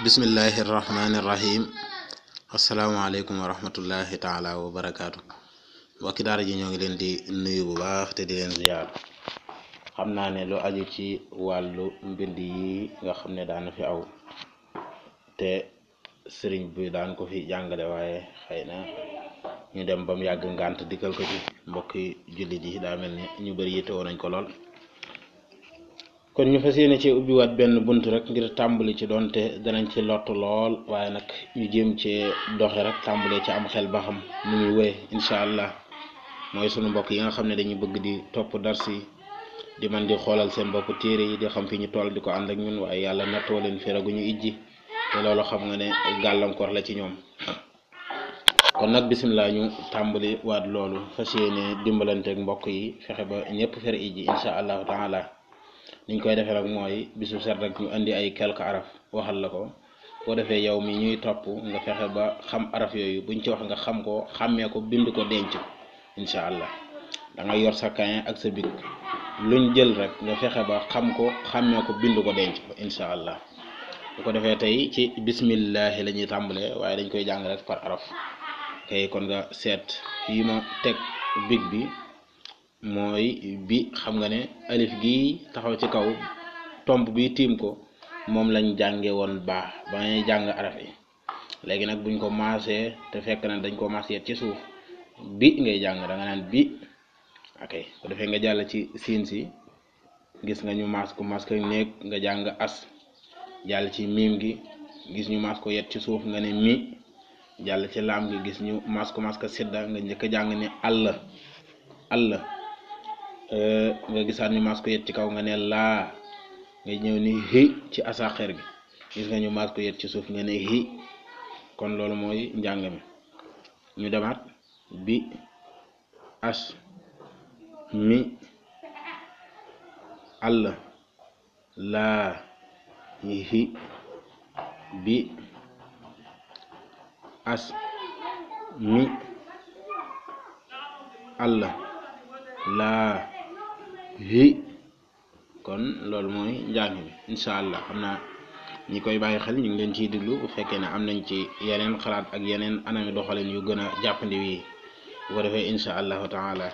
bismillahi rahmaani rahim asalaamaaleykum wa taala wa barakaatu mbokki daara ji ñoo ngi leen di nuyu bu baax te di leen ziyaar xam naa ne lu aju ci wàllu mbind yi nga xam ne daana fi aw te sëriñ bi daan ko fi jàngale waaye xëy na ñu dem ba mu yàgg ngànt dikkal ko ci mbokki jullit yi daa mel ni ñu bëri yittewoo nañ ko lool kon ñu fas yéene cee ubbiwaat benn bunt rek ngir tàmbali ci doonte danañ ci lott lool waaye nag ñu jéem cee doxe rek tàmbalee ci am xel ba xam mu muy wéy incha allah mooy sunu mbokk yi nga xam ne dañuy bëgg di topp dars yi di man di xoolal seen bopp téere yi di xam fi ñu toll di ko ànd ak ñun waaye yàlla natt nattoo leen ñu ijji te loolu xam nga ne gàllankoor la ci ñoom kon nag bisimilah ñu tàmbali waat loolu fas yéene dimbalanteeg mbokk yi fexe ba ñëpp fer ijji incha allahu taala niñ koy defee rek mooy bisu set rek indi ay quelque waxal la ko boo defee yow mi ñuy topp nga fexe ba xam araf yooyu buñ ci wax nga xam ko xàmmee ko bind ko denc ko incha allah da nga yor sa cahier ak sa bic luñ jël rek nga fexe ba xam ko xàmmee ko bind ko denc incha allah bu ko defee tey ci bismillahi la ñuy tàmbalee waaye dañ koy jàng rek par araf kay kon nga seet fii ma teg big bi mooy bi xam nga ne alif gi taxaw ci kaw tomb bi tiim ko moom lañ jànge woon baa ba ngay jàng araf yi léegi nag buñ ko maasee te fekk na dañ ko maasee ci suuf bi ngay jàng da nga bi ok ko nga jàll ci siin si gis nga ñu ko maas ko nga jàng as jàll ci miim gi gis ñu maas ko yet ci suuf nga ne mi jàll ci laam gi gis ñu maas ko maas ko sidda nga njëkk a jàng ne àll àll Eh, nga gisaat ñu maas ci kaw nga ne laa nga ñëw ni hi ci asaaxeer bi gis nga ñu maas ci suuf nga ne hi kon loolu mooy njàng mi ñu demaat bi as mi àll laa hi bi as mi àll laa hi kon loolu mooy njàng bi incha allah xam naa ñi koy bàyyi xel ñu ngi leen ciy diglu bu fekkee ne am nañ ci yeneen xalaat ak yeneen anami doxalin yu gën a jàppandi wii bu ko defee incha allah taala